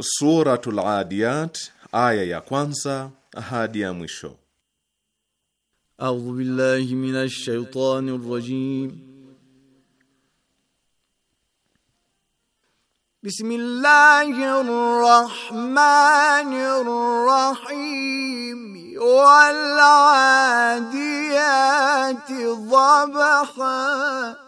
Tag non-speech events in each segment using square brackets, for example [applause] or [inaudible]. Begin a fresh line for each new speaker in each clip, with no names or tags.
Suratul Adiyat aya ya kwanza hadi ya mwisho.
A'udhu billahi minash shaitani rajim. Bismillahir rahmanir rahim. Wal 'adiyati dhabha.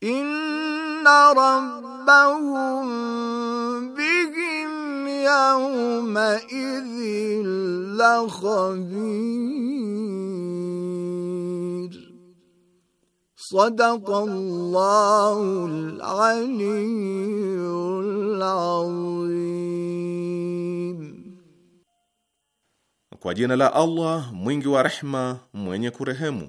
inna rabbahum bihim yawma idhin lakhabir sadaqa Allahul aliyyul azim
Kwa jina la Allah mwingi wa rehma mwenye kurehemu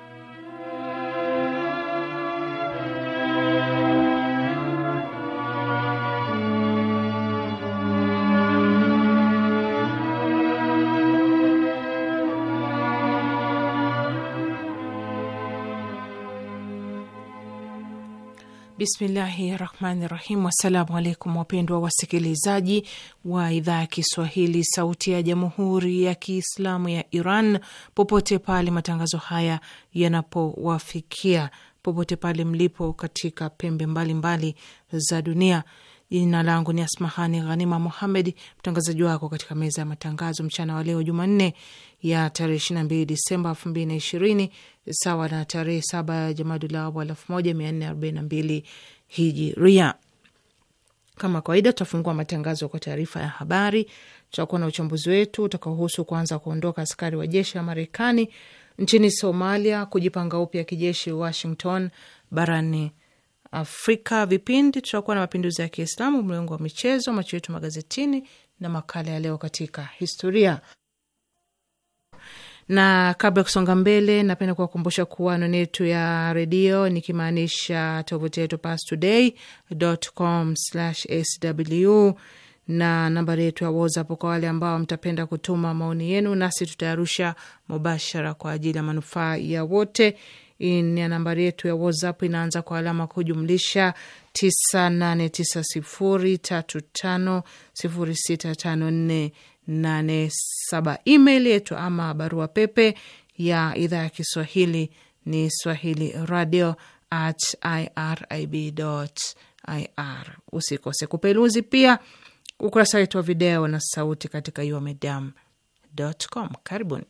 Bismillahi rahmani rahim. Assalamu alaikum wapendwa wasikilizaji wa idhaa ya Kiswahili sauti ya jamhuri ya Kiislamu ya Iran, popote pale matangazo haya yanapowafikia, popote pale mlipo katika pembe mbalimbali mbali za dunia. Jina langu ni Asmahani Ghanima muhamed mtangazaji wako katika meza ya matangazo mchana wa leo Jumanne ya tarehe mbili Disemba ishirini sawa na tarehe 7 ya Jamadul Awwal 1442 Hijiria. Kama kawaida, tutafungua matangazo kwa taarifa ya habari. Tutakuwa na uchambuzi wetu utakaohusu kuanza kuondoka askari wa jeshi la Marekani nchini Somalia, kujipanga upya kijeshi Washington barani Afrika vipindi, tutakuwa na mapinduzi ya Kiislamu, mlengo wa michezo, macho yetu magazetini na makala ya leo katika historia. Na kabla ya kusonga mbele, napenda kuwakumbusha kuwa anwani yetu ya redio nikimaanisha tovuti yetu pastoday.com/sw na nambari yetu ya WhatsApp kwa wale ambao mtapenda kutuma maoni yenu, nasi tutayarusha mubashara kwa ajili ya manufaa ya wote na nambari yetu ya WhatsApp inaanza kwa alama kujumlisha 989035065487. Email yetu ama barua pepe ya idhaa ya Kiswahili ni swahili radio at irib ir. Usikose kupeluzi pia ukurasa wetu wa video na sauti katika umedam.com. Karibuni.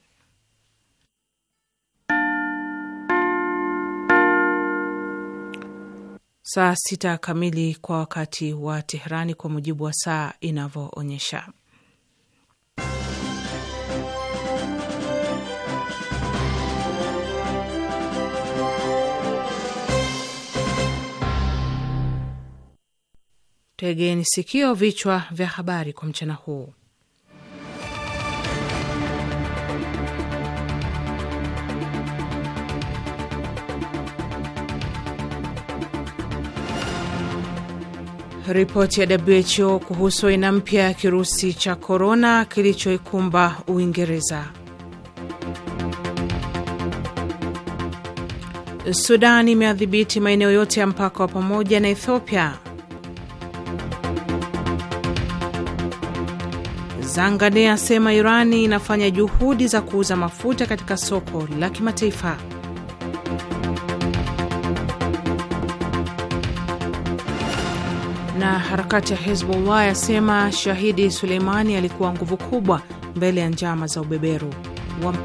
saa sita kamili kwa wakati wa Teherani, kwa mujibu wa saa inavyoonyesha. Tegeni sikio, vichwa vya habari kwa mchana huu. Ripoti ya WHO kuhusu aina mpya ya kirusi cha korona kilichoikumba Uingereza. Sudan imeadhibiti maeneo yote ya mpaka wa pamoja na Ethiopia. Zangane asema Irani inafanya juhudi za kuuza mafuta katika soko la kimataifa. na harakati ya Hezbollah yasema shahidi Suleimani alikuwa nguvu kubwa mbele ya njama za ubeberu wa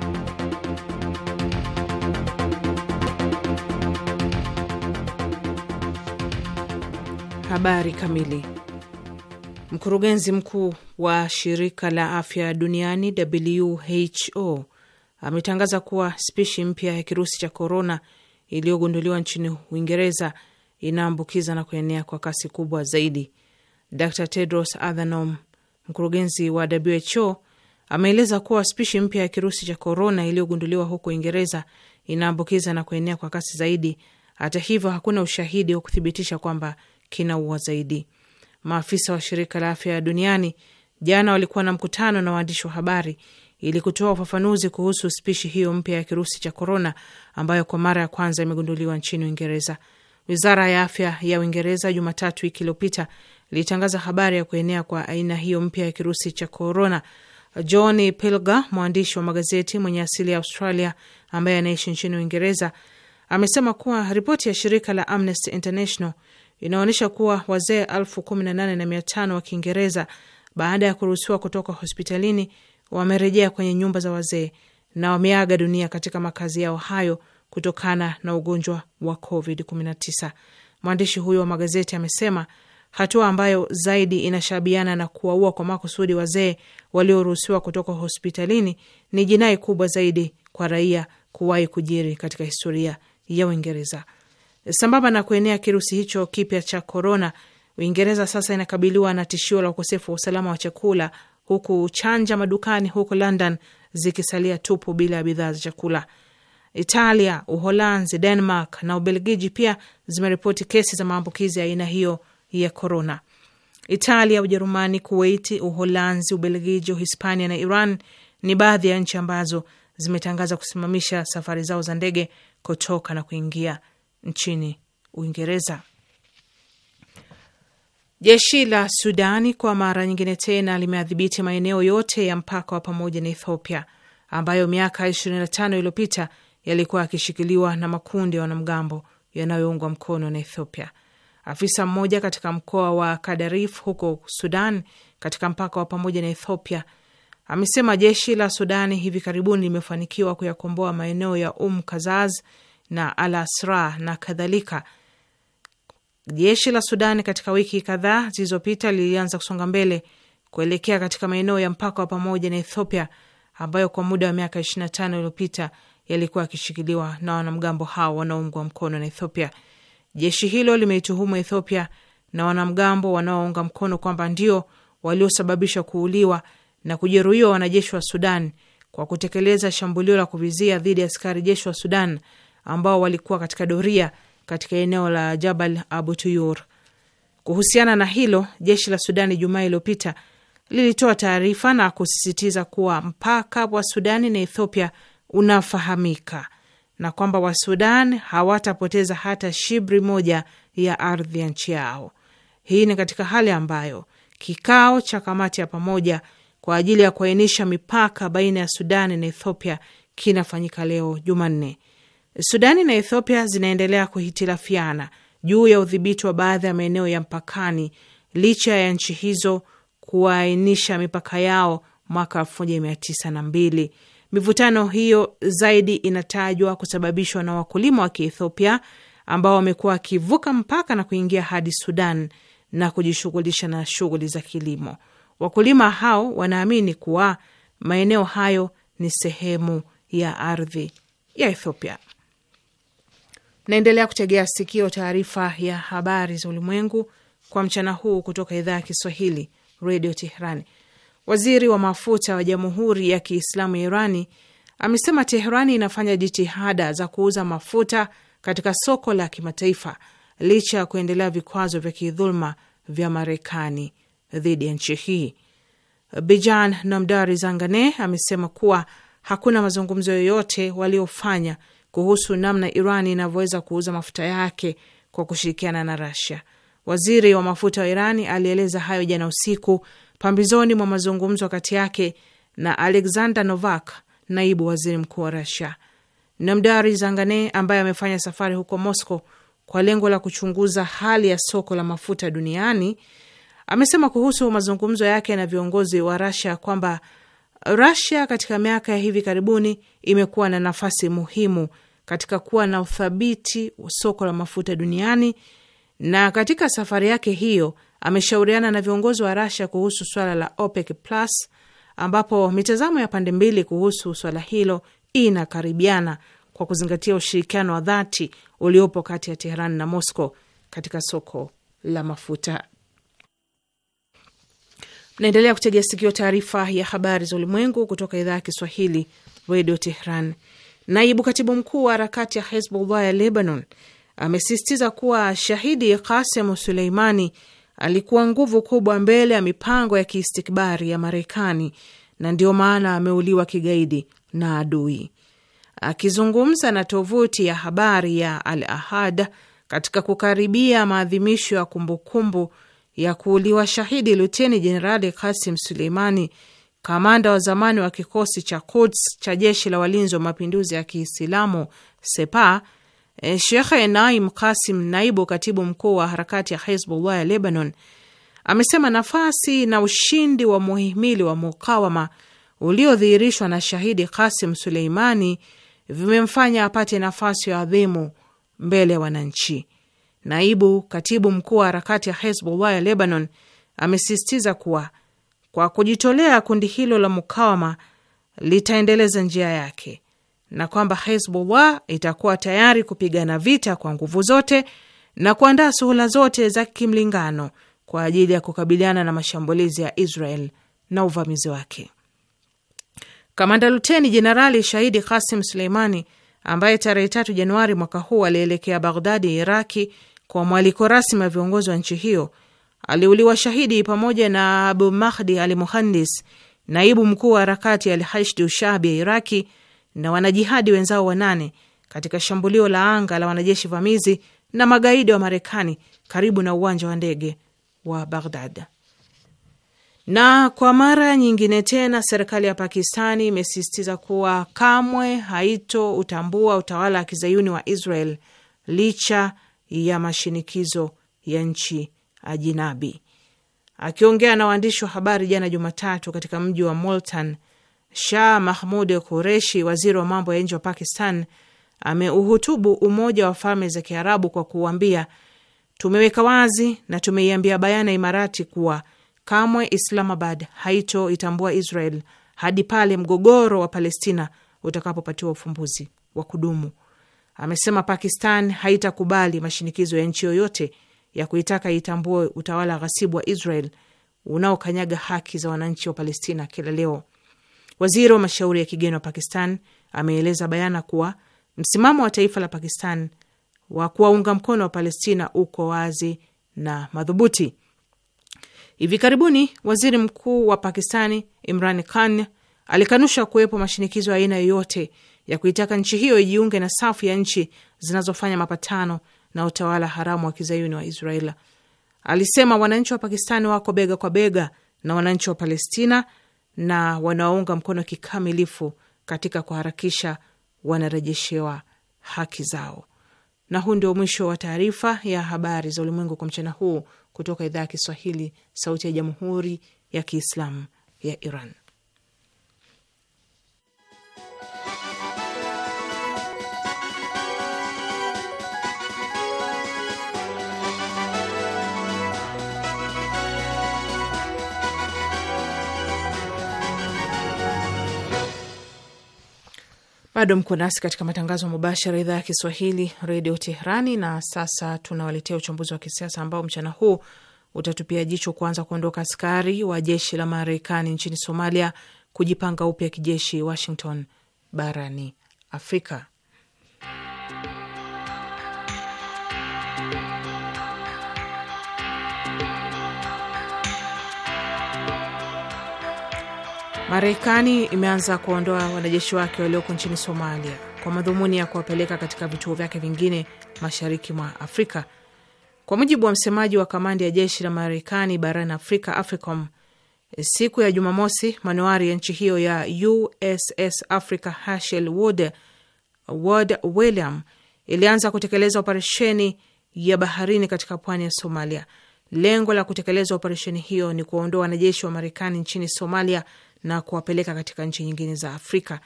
habari kamili. Mkurugenzi mkuu wa shirika la afya duniani WHO ametangaza kuwa spishi mpya ya kirusi cha korona iliyogunduliwa nchini Uingereza inaambukiza na kuenea kwa kasi kubwa zaidi. Dr Tedros Adhanom, mkurugenzi wa WHO, ameeleza kuwa spishi mpya ya kirusi cha korona iliyogunduliwa huko Uingereza inaambukiza na kuenea kwa kasi zaidi. Hata hivyo, hakuna ushahidi wa kuthibitisha kwamba kinaua zaidi. Maafisa wa shirika la afya duniani jana walikuwa na mkutano na waandishi wa habari ili kutoa ufafanuzi kuhusu spishi hiyo mpya ya kirusi cha korona ambayo kwa mara ya kwanza imegunduliwa nchini Uingereza. Wizara ya afya ya Uingereza Jumatatu wiki iliyopita ilitangaza habari ya kuenea kwa aina hiyo mpya ya kirusi cha korona. John Pilger, mwandishi wa magazeti mwenye asili ya Australia ambaye anaishi nchini Uingereza, amesema kuwa ripoti ya shirika la Amnesty International inaonyesha kuwa wazee elfu kumi na nane na mia tano wa Kiingereza baada ya kuruhusiwa kutoka hospitalini wamerejea kwenye nyumba za wazee na wameaga dunia katika makazi yao hayo kutokana na ugonjwa wa COVID-19. Mwandishi huyo wa magazeti amesema hatua ambayo zaidi inashabiana na kuwaua kwa makusudi wazee walioruhusiwa kutoka hospitalini ni jinai kubwa zaidi kwa raia kuwahi kujiri katika historia ya Uingereza. Sambamba na kuenea kirusi hicho kipya cha korona, Uingereza sasa inakabiliwa na tishio la ukosefu wa usalama wa chakula, huku chanja madukani huko London zikisalia tupu bila ya bidhaa za chakula. Italia, Uholanzi, Denmark na Ubelgiji pia zimeripoti kesi za maambukizi ya aina hiyo ya korona. Italia, Ujerumani, Kuwaiti, Uholanzi, Ubelgiji, Uhispania na Iran ni baadhi ya nchi ambazo zimetangaza kusimamisha safari zao za ndege kutoka na kuingia nchini Uingereza. Jeshi la Sudani kwa mara nyingine tena limeadhibiti maeneo yote ya mpaka wa pamoja na Ethiopia ambayo miaka 25 iliyopita yalikuwa yakishikiliwa na makundi ya wanamgambo yanayoungwa mkono na Ethiopia. Afisa mmoja katika mkoa wa Kadarif huko Sudan, katika mpaka wa pamoja na Ethiopia, amesema jeshi la Sudani hivi karibuni limefanikiwa kuyakomboa maeneo ya Um Kazaz na Al Asra na kadhalika. Jeshi la Sudani katika wiki kadhaa zilizopita lilianza kusonga mbele kuelekea katika maeneo ya mpaka wa pamoja na Ethiopia ambayo kwa muda wa miaka 25 iliyopita yalikuwa yakishikiliwa na wanamgambo hao wanaoungwa mkono na Ethiopia. Jeshi hilo limeituhumu Ethiopia na wanamgambo wanaounga mkono kwamba ndio waliosababisha kuuliwa na kujeruhiwa wanajeshi wa Sudan kwa kutekeleza shambulio la kuvizia dhidi ya askari jeshi wa Sudan ambao walikuwa katika doria katika eneo la Jabal Abu Tuyur. Kuhusiana na hilo, jeshi la Sudani Jumaa iliyopita lilitoa taarifa na kusisitiza kuwa mpaka wa Sudani na Ethiopia unafahamika na kwamba Wasudan hawatapoteza hata shibri moja ya ardhi ya nchi yao. Hii ni katika hali ambayo kikao cha kamati ya pamoja kwa ajili ya kuainisha mipaka baina ya Sudani na Ethiopia kinafanyika leo Jumanne. Sudani na Ethiopia zinaendelea kuhitilafiana juu ya udhibiti wa baadhi ya maeneo ya mpakani licha ya nchi hizo kuainisha mipaka yao mwaka 1902. Mivutano hiyo zaidi inatajwa kusababishwa na wakulima wa Kiethiopia ambao wamekuwa wakivuka mpaka na kuingia hadi Sudan na kujishughulisha na shughuli za kilimo. Wakulima hao wanaamini kuwa maeneo hayo ni sehemu ya ardhi ya Ethiopia. Naendelea kutegea sikio taarifa ya habari za ulimwengu kwa mchana huu kutoka idhaa ya Kiswahili, Redio Teherani. Waziri wa mafuta wa Jamhuri ya Kiislamu ya Irani amesema Teherani inafanya jitihada za kuuza mafuta katika soko la kimataifa licha ya kuendelea vikwazo vya kidhuluma vya Marekani dhidi ya nchi hii. Bijan Namdari Zangane amesema kuwa hakuna mazungumzo yoyote waliofanya kuhusu namna Iran inavyoweza kuuza mafuta yake kwa kushirikiana na Rasia. Waziri wa mafuta wa Irani alieleza hayo jana usiku pambizoni mwa mazungumzo kati yake na Alexander Novak, naibu waziri mkuu wa Rusia. Namdari Zangane ambaye amefanya safari huko Moscow kwa lengo la kuchunguza hali ya soko la mafuta duniani amesema kuhusu mazungumzo yake na viongozi wa Rusia kwamba Rusia katika miaka ya hivi karibuni imekuwa na nafasi muhimu katika kuwa na uthabiti wa soko la mafuta duniani, na katika safari yake hiyo ameshauriana na viongozi wa Rasia kuhusu swala la OPEC Plus, ambapo mitazamo ya pande mbili kuhusu swala hilo inakaribiana kwa kuzingatia ushirikiano wa dhati uliopo kati ya Teheran na mosco katika soko la mafuta. Naendelea kutegea sikio taarifa ya habari za ulimwengu kutoka idhaa ya Kiswahili, redio Tehran. Naibu katibu mkuu wa harakati ya Hezbollah ya Lebanon amesisitiza kuwa shahidi Kasem Suleimani alikuwa nguvu kubwa mbele ya mipango ya kiistikbari ya Marekani na ndiyo maana ameuliwa kigaidi na adui. Akizungumza na tovuti ya habari ya Al Ahad katika kukaribia maadhimisho ya kumbukumbu ya kuuliwa shahidi Luteni Jenerali Kasim Suleimani, kamanda wa zamani wa kikosi cha Quds cha jeshi la walinzi wa mapinduzi ya Kiislamu Sepa E, Shekhe Naim Kasim, naibu katibu mkuu wa harakati ya Hezbollah ya Lebanon, amesema nafasi na ushindi wa muhimili wa mukawama uliodhihirishwa na shahidi Kasim Suleimani vimemfanya apate nafasi ya adhimu mbele ya wananchi. Naibu katibu mkuu wa harakati ya Hezbollah ya Lebanon amesisitiza kuwa kwa kujitolea kundi hilo la mukawama litaendeleza njia yake na kwamba Hezbollah itakuwa tayari kupigana vita kwa nguvu zote na kuandaa suhula zote za kimlingano kwa ajili ya kukabiliana na mashambulizi ya Israel na uvamizi wake. Kamanda Luteni Jenerali Shahidi Kasim Suleimani, ambaye tarehe tatu Januari mwaka huu alielekea Baghdadi, Iraki, kwa mwaliko rasmi wa viongozi wa nchi hiyo, aliuliwa shahidi pamoja na Abu Mahdi al Muhandis, naibu mkuu wa harakati al Alhashdi Ushabi ya Iraki na wanajihadi wenzao wanane katika shambulio la anga la wanajeshi vamizi na magaidi wa Marekani karibu na uwanja wa ndege wa Baghdad. Na kwa mara nyingine tena serikali ya Pakistani imesisitiza kuwa kamwe haito utambua utawala wa kizayuni wa Israel licha ya mashinikizo ya nchi ajinabi. Akiongea na waandishi wa habari jana Jumatatu katika mji wa Multan Shah Mahmud Kureshi, waziri wa mambo ya nje wa Pakistan, ameuhutubu Umoja wa Falme za Kiarabu kwa kuuambia, tumeweka wazi na tumeiambia bayana Imarati kuwa kamwe Islamabad haitoitambua Israel hadi pale mgogoro wa Palestina utakapopatiwa ufumbuzi wa kudumu. Amesema Pakistan haitakubali mashinikizo ya nchi yoyote ya kuitaka itambue utawala ghasibu wa Israel unaokanyaga haki za wananchi wa Palestina kila leo. Waziri wa mashauri ya kigeni wa Pakistan ameeleza bayana kuwa msimamo wa taifa la Pakistan wa kuwaunga mkono wa Palestina uko wazi na madhubuti. Hivi karibuni waziri mkuu wa Pakistani Imran Khan alikanusha kuwepo mashinikizo ya aina yoyote ya kuitaka nchi hiyo ijiunge na safu ya nchi zinazofanya mapatano na utawala haramu wa kizayuni wa Israel. Alisema wananchi wa Pakistani wako bega kwa bega na wananchi wa Palestina na wanaounga mkono kikamilifu katika kuharakisha wanarejeshewa haki zao. Na huu ndio mwisho wa taarifa ya habari za ulimwengu kwa mchana huu kutoka idhaa ya Kiswahili, Sauti ya Jamhuri ya Kiislamu ya Iran. Bado mko nasi katika matangazo mubashara, idhaa ya Kiswahili redio Teherani. Na sasa tunawaletea uchambuzi wa kisiasa ambao mchana huu utatupia jicho kuanza kuondoka askari wa jeshi la Marekani nchini Somalia kujipanga upya kijeshi Washington barani Afrika. Marekani imeanza kuondoa wanajeshi wake walioko nchini Somalia kwa madhumuni ya kuwapeleka katika vituo vyake vingine mashariki mwa Afrika, kwa mujibu wa msemaji wa kamandi ya jeshi la Marekani barani Afrika, AFRICOM. Siku ya Jumamosi, manuari ya nchi hiyo ya USS Africa Herschel Wood Ward William ilianza kutekeleza operesheni ya baharini katika pwani ya Somalia. Lengo la kutekeleza operesheni hiyo ni kuwaondoa wanajeshi wa Marekani nchini Somalia na kuwapeleka katika nchi nyingine za Afrika.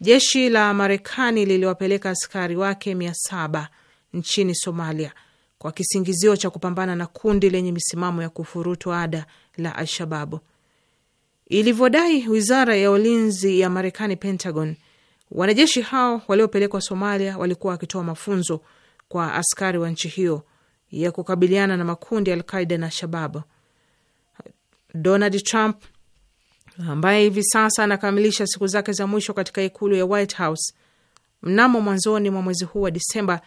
Jeshi la Marekani liliwapeleka askari wake mia saba nchini Somalia kwa kisingizio cha kupambana na kundi lenye misimamo ya kufurutu ada la Alshababu. Ilivyodai wizara ya ulinzi ya Marekani, Pentagon, wanajeshi hao waliopelekwa Somalia walikuwa wakitoa mafunzo kwa askari wa nchi hiyo ya kukabiliana na makundi ya Alqaida na Shababu. Donald Trump ambaye hivi sasa anakamilisha siku zake za mwisho katika ikulu ya White House, mnamo mwanzoni mwa mwezi huu wa Disemba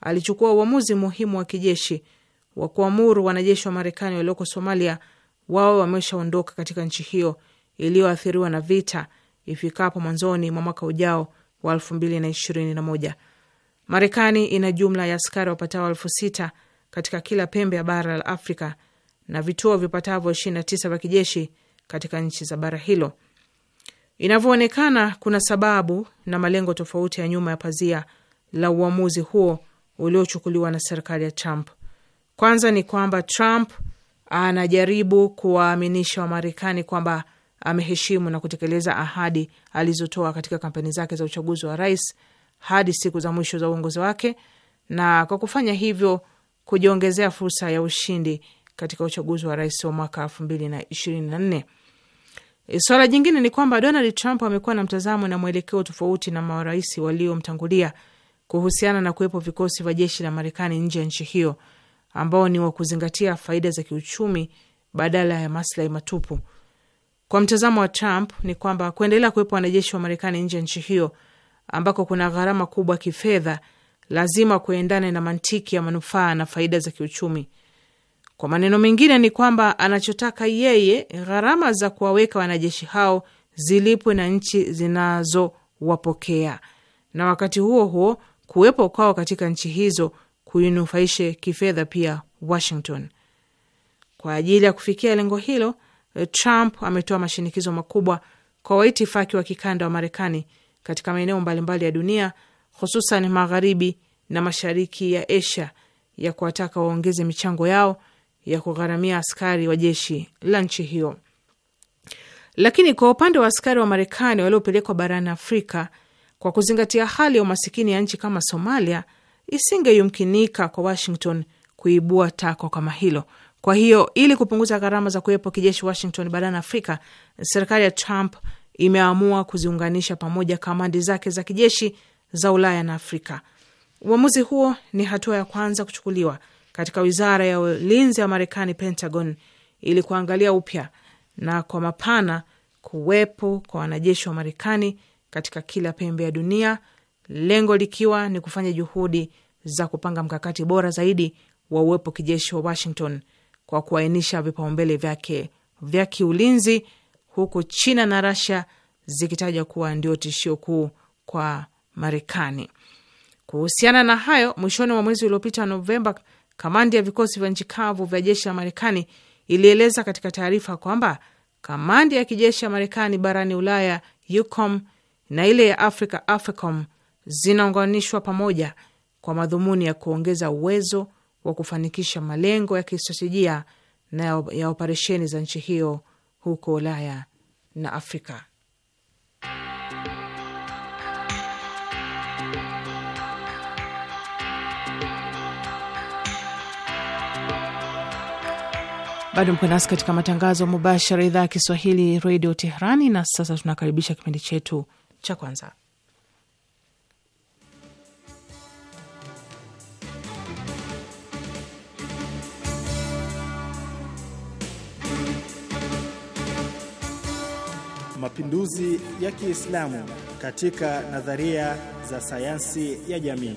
alichukua uamuzi muhimu wa kijeshi wa kuamuru wanajeshi wa Marekani walioko Somalia wawe wameshaondoka katika nchi hiyo iliyoathiriwa na vita ifikapo mwanzoni mwa mwaka ujao wa moja. Marekani ina jumla ya askari wapatao elfu sita katika kila pembe ya bara la Afrika na vituo vipatavyo 29 vya kijeshi katika nchi za bara hilo. Inavyoonekana, kuna sababu na malengo tofauti ya nyuma ya pazia la uamuzi huo uliochukuliwa na serikali ya Trump. Kwanza ni kwamba Trump anajaribu kuwaaminisha Wamarekani kwamba ameheshimu na kutekeleza ahadi alizotoa katika kampeni zake za uchaguzi wa rais hadi siku za mwisho za uongozi wake, na kwa kufanya hivyo kujiongezea fursa ya ushindi katika uchaguzi wa rais wa mwaka elfu mbili na ishirini na nne. E, swala jingine ni kwamba Donald Trump amekuwa na mtazamo na mwelekeo tofauti na marais waliomtangulia kuhusiana na kuwepo vikosi vya jeshi la Marekani nje ya nchi hiyo, ambao ni wa kuzingatia faida za kiuchumi badala ya maslahi matupu. Kwa mtazamo wa Trump ni kwamba kuendelea kuwepo wanajeshi wa Marekani nje ya nchi hiyo ambako kuna gharama kubwa kifedha lazima kuendane na mantiki ya manufaa na faida za kiuchumi. Kwa maneno mengine ni kwamba anachotaka yeye, gharama za kuwaweka wanajeshi hao zilipwe na nchi zinazowapokea, na wakati huo huo kuwepo kwao katika nchi hizo kuinufaishe kifedha pia Washington. Kwa ajili ya kufikia lengo hilo, Trump ametoa mashinikizo makubwa kwa waitifaki wa kikanda wa Marekani katika maeneo mbalimbali ya dunia, hususan magharibi na mashariki ya Asia, ya kuwataka waongeze michango yao ya kugharamia askari wa jeshi la nchi hiyo. Lakini kwa upande wa askari wa Marekani waliopelekwa barani Afrika, kwa kuzingatia hali ya umasikini ya nchi kama Somalia, isingeyumkinika kwa Washington kuibua takwa kama hilo. Kwa hiyo ili kupunguza gharama za kuwepo kijeshi Washington barani Afrika, serikali ya Trump imeamua kuziunganisha pamoja kamandi zake za kijeshi za Ulaya na Afrika. Uamuzi huo ni hatua ya kwanza kuchukuliwa katika wizara ya ulinzi wa Marekani, Pentagon, ili kuangalia upya na kwa mapana kuwepo kwa wanajeshi wa Marekani katika kila pembe ya dunia, lengo likiwa ni kufanya juhudi za kupanga mkakati bora zaidi wa uwepo kijeshi wa Washington kwa kuainisha vipaumbele vyake vya kiulinzi, huku China na Rasia zikitaja kuwa ndio tishio kuu kwa Marekani. Kuhusiana na hayo, mwishoni mwa mwezi uliopita Novemba Kamandi ya vikosi vya nchi kavu vya jeshi la Marekani ilieleza katika taarifa kwamba kamandi ya kijeshi ya Marekani barani Ulaya, UCOM na ile ya africa AFRICOM, zinaunganishwa pamoja kwa madhumuni ya kuongeza uwezo wa kufanikisha malengo ya kistratejia na ya operesheni za nchi hiyo huko Ulaya na Afrika. Bado mko nasi katika matangazo mubashara, idhaa ya Kiswahili redio Teherani. Na sasa tunakaribisha kipindi chetu cha kwanza,
mapinduzi ya Kiislamu katika nadharia za sayansi ya jamii.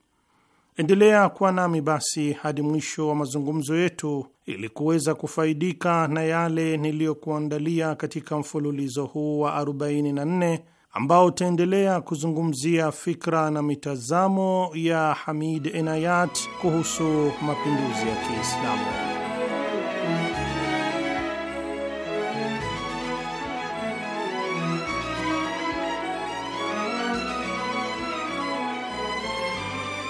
Endelea kuwa nami basi hadi mwisho wa mazungumzo yetu ili kuweza kufaidika na yale niliyokuandalia katika mfululizo huu wa 44 ambao utaendelea kuzungumzia fikra na mitazamo ya Hamid Enayat kuhusu mapinduzi ya Kiislamu.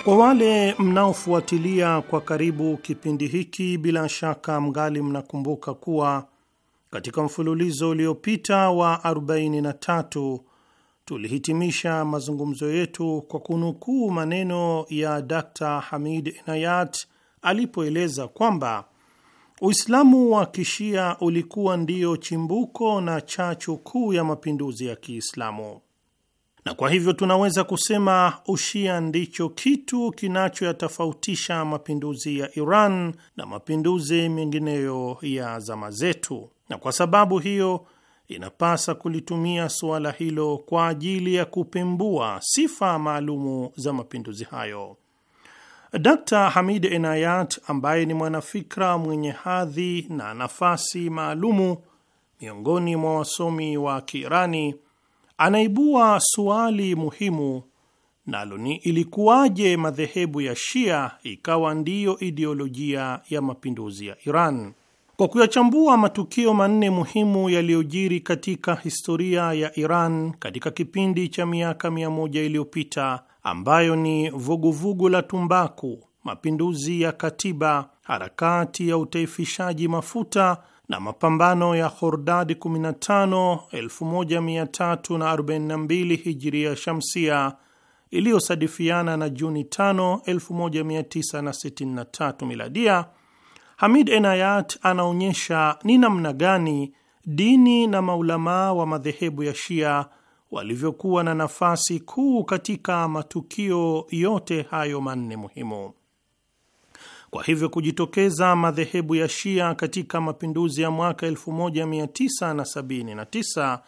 Kwa wale mnaofuatilia kwa karibu kipindi hiki, bila shaka mgali mnakumbuka kuwa katika mfululizo uliopita wa 43 tulihitimisha mazungumzo yetu kwa kunukuu maneno ya Dr. Hamid Inayat alipoeleza kwamba Uislamu wa Kishia ulikuwa ndiyo chimbuko na chachu kuu ya mapinduzi ya Kiislamu na kwa hivyo tunaweza kusema ushia ndicho kitu kinachoyatofautisha mapinduzi ya Iran na mapinduzi mengineyo ya zama zetu, na kwa sababu hiyo inapasa kulitumia suala hilo kwa ajili ya kupembua sifa maalumu za mapinduzi hayo. d Hamid Enayat ambaye ni mwanafikra mwenye hadhi na nafasi maalumu miongoni mwa wasomi wa Kiirani anaibua suali muhimu, nalo ni ilikuwaje madhehebu ya Shia ikawa ndiyo ideolojia ya mapinduzi ya Iran? Kwa kuyachambua matukio manne muhimu yaliyojiri katika historia ya Iran katika kipindi cha miaka mia moja iliyopita ambayo ni vuguvugu vugu la tumbaku, mapinduzi ya katiba, harakati ya utaifishaji mafuta na mapambano ya Khordadi 15 1342 Hijria Shamsia iliyosadifiana na Juni 5 1963 Miladia, Hamid Enayat anaonyesha ni namna gani dini na maulamaa wa madhehebu ya Shia walivyokuwa na nafasi kuu katika matukio yote hayo manne muhimu. Kwa hivyo kujitokeza madhehebu ya Shia katika mapinduzi ya mwaka 1979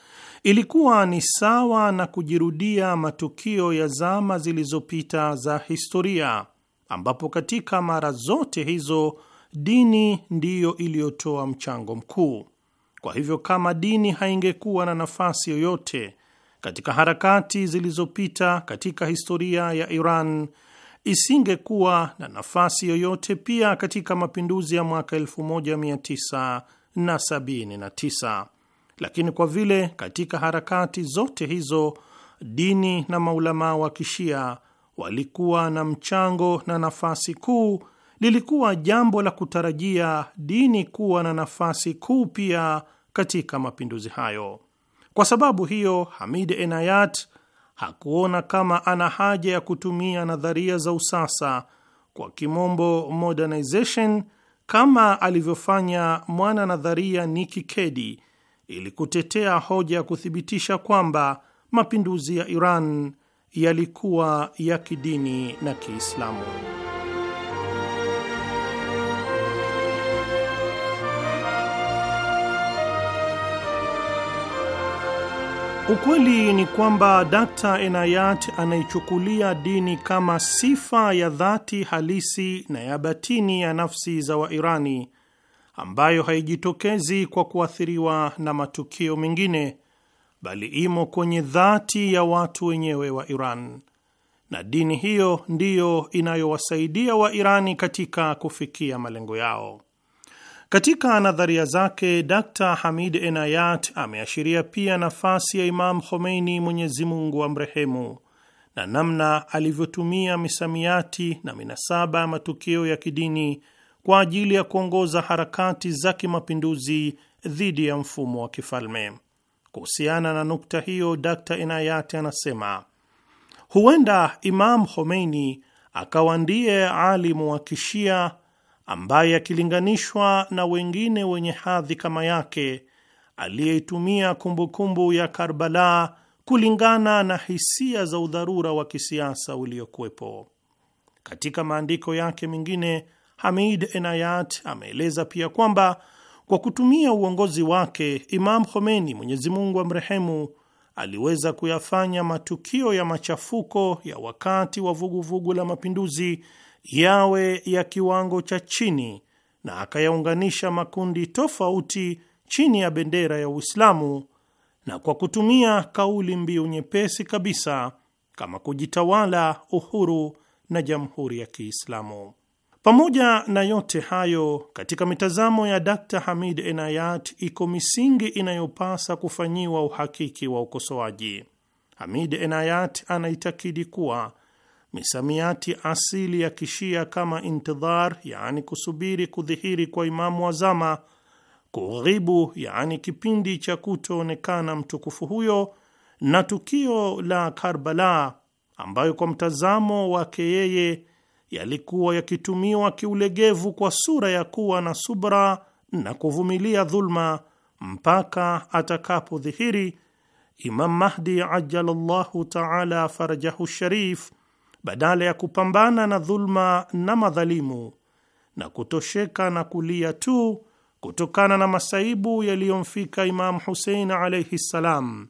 ilikuwa ni sawa na kujirudia matukio ya zama zilizopita za historia, ambapo katika mara zote hizo dini ndiyo iliyotoa mchango mkuu. Kwa hivyo kama dini haingekuwa na nafasi yoyote katika harakati zilizopita katika historia ya Iran isingekuwa na nafasi yoyote pia katika mapinduzi ya mwaka 1979 lakini kwa vile katika harakati zote hizo dini na maulamaa wa kishia walikuwa na mchango na nafasi kuu, lilikuwa jambo la kutarajia dini kuwa na nafasi kuu pia katika mapinduzi hayo. Kwa sababu hiyo, Hamid Enayat hakuona kama ana haja ya kutumia nadharia za usasa, kwa kimombo modernization, kama alivyofanya mwana nadharia Nikki Keddie ili kutetea hoja ya kuthibitisha kwamba mapinduzi ya Iran yalikuwa ya kidini na Kiislamu. Ukweli ni kwamba Dr. Enayat anaichukulia dini kama sifa ya dhati halisi na ya batini ya nafsi za Wairani ambayo haijitokezi kwa kuathiriwa na matukio mengine bali imo kwenye dhati ya watu wenyewe wa Iran, na dini hiyo ndiyo inayowasaidia Wairani katika kufikia malengo yao. Katika nadharia zake Dr Hamid Enayat ameashiria pia nafasi ya Imam Khomeini, Mwenyezi Mungu amrehemu, na namna alivyotumia misamiati na minasaba ya matukio ya kidini kwa ajili ya kuongoza harakati za kimapinduzi dhidi ya mfumo wa kifalme. Kuhusiana na nukta hiyo, Dr Enayat anasema huenda Imam Khomeini akawa ndiye alimu wa kishia ambaye akilinganishwa na wengine wenye hadhi kama yake aliyeitumia kumbukumbu ya Karbala kulingana na hisia za udharura wa kisiasa uliokuwepo. Katika maandiko yake mengine, Hamid Enayat ameeleza pia kwamba kwa kutumia uongozi wake Imam Khomeini, Mwenyezi Mungu amrehemu, aliweza kuyafanya matukio ya machafuko ya wakati wa vuguvugu vugu la mapinduzi yawe ya kiwango cha chini na akayaunganisha makundi tofauti chini ya bendera ya Uislamu na kwa kutumia kauli mbiu nyepesi kabisa kama kujitawala, uhuru na jamhuri ya Kiislamu. Pamoja na yote hayo, katika mitazamo ya Dr. Hamid Enayat iko misingi inayopasa kufanyiwa uhakiki wa ukosoaji. Hamid Enayat anaitakidi kuwa misamiati asili ya kishia kama intidhar, yaani kusubiri kudhihiri kwa imamu wazama, kughibu, yaani kipindi cha kutoonekana mtukufu huyo, na tukio la Karbala ambayo kwa mtazamo wake yeye yalikuwa yakitumiwa kiulegevu kwa sura ya kuwa na subra na kuvumilia dhulma mpaka atakapodhihiri Imam Mahdi ajalallahu taala farajahu sharif badala ya kupambana na dhuluma na madhalimu na kutosheka na kulia tu kutokana na masaibu yaliyomfika Imamu Husein alaihi ssalam,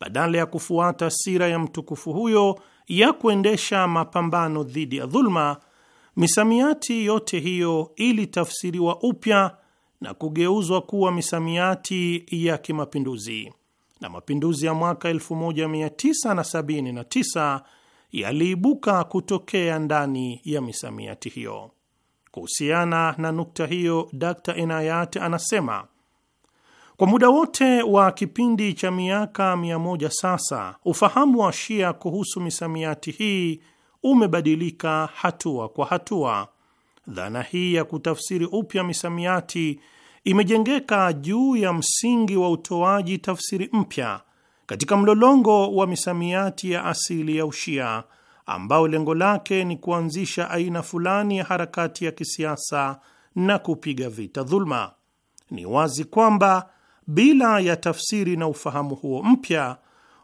badala ya kufuata sira ya mtukufu huyo ya kuendesha mapambano dhidi ya dhuluma, misamiati yote hiyo ilitafsiriwa upya na kugeuzwa kuwa misamiati ya kimapinduzi, na mapinduzi ya mwaka 1979 yaliibuka kutokea ndani ya misamiati hiyo. Kuhusiana na nukta hiyo, Dr. Inayat anasema kwa muda wote wa kipindi cha miaka mia moja sasa, ufahamu wa Shia kuhusu misamiati hii umebadilika hatua kwa hatua. Dhana hii ya kutafsiri upya misamiati imejengeka juu ya msingi wa utoaji tafsiri mpya katika mlolongo wa misamiati ya asili ya Ushia ambao lengo lake ni kuanzisha aina fulani ya harakati ya kisiasa na kupiga vita dhuluma. Ni wazi kwamba bila ya tafsiri na ufahamu huo mpya,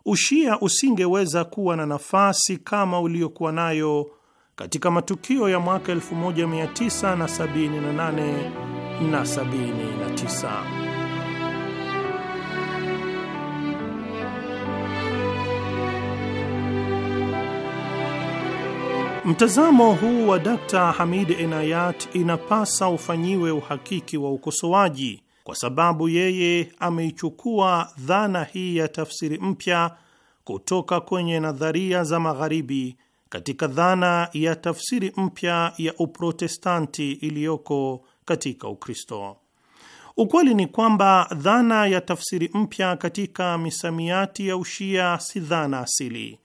Ushia usingeweza kuwa na nafasi kama uliokuwa nayo katika matukio ya mwaka 1978 na 79. Mtazamo huu wa Dkt. Hamid Enayat inapasa ufanyiwe uhakiki wa ukosoaji, kwa sababu yeye ameichukua dhana hii ya tafsiri mpya kutoka kwenye nadharia za Magharibi katika dhana ya tafsiri mpya ya Uprotestanti iliyoko katika Ukristo. Ukweli ni kwamba dhana ya tafsiri mpya katika misamiati ya Ushia si dhana asili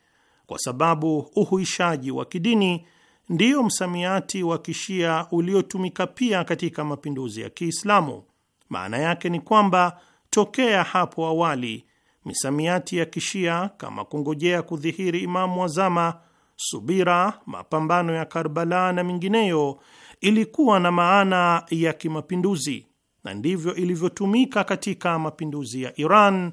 kwa sababu uhuishaji wa kidini ndiyo msamiati wa kishia uliotumika pia katika mapinduzi ya Kiislamu. Maana yake ni kwamba tokea hapo awali misamiati ya kishia kama kungojea kudhihiri Imamu Wazama, subira, mapambano ya Karbala na mingineyo ilikuwa na maana ya kimapinduzi, na ndivyo ilivyotumika katika mapinduzi ya Iran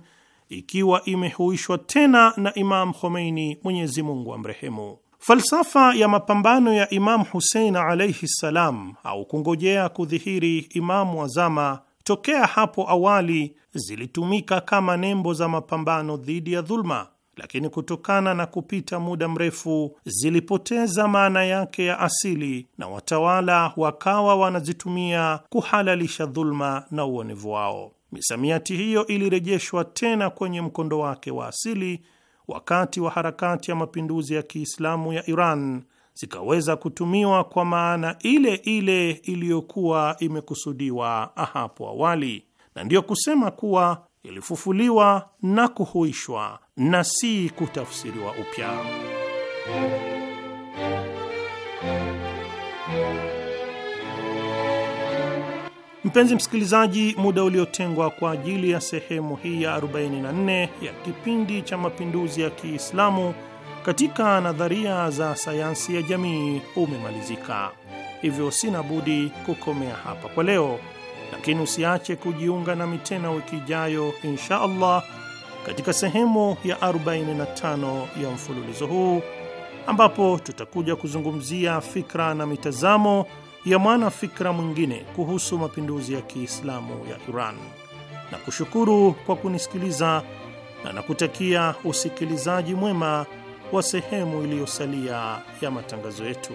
ikiwa imehuishwa tena na Imam Khomeini, Mwenyezi Mungu amrehemu. Falsafa ya mapambano ya Imam Husein alaihi ssalam au kungojea kudhihiri Imamu Azama tokea hapo awali zilitumika kama nembo za mapambano dhidi ya dhulma, lakini kutokana na kupita muda mrefu zilipoteza maana yake ya asili na watawala wakawa wanazitumia kuhalalisha dhulma na uonevu wao misamiati hiyo ilirejeshwa tena kwenye mkondo wake wa asili wakati wa harakati ya mapinduzi ya Kiislamu ya Iran, zikaweza kutumiwa kwa maana ile ile iliyokuwa imekusudiwa hapo awali, na ndiyo kusema kuwa ilifufuliwa na kuhuishwa na si kutafsiriwa upya. Mpenzi msikilizaji, muda uliotengwa kwa ajili ya sehemu hii ya 44 ya kipindi cha mapinduzi ya Kiislamu katika nadharia za sayansi ya jamii umemalizika, hivyo sina budi kukomea hapa kwa leo, lakini usiache kujiunga nami tena wiki ijayo insha Allah katika sehemu ya 45 ya mfululizo huu ambapo tutakuja kuzungumzia fikra na mitazamo ya mwana fikra mwingine kuhusu mapinduzi ya Kiislamu ya Iran na kushukuru kwa kunisikiliza na nakutakia usikilizaji mwema wa sehemu iliyosalia ya matangazo yetu.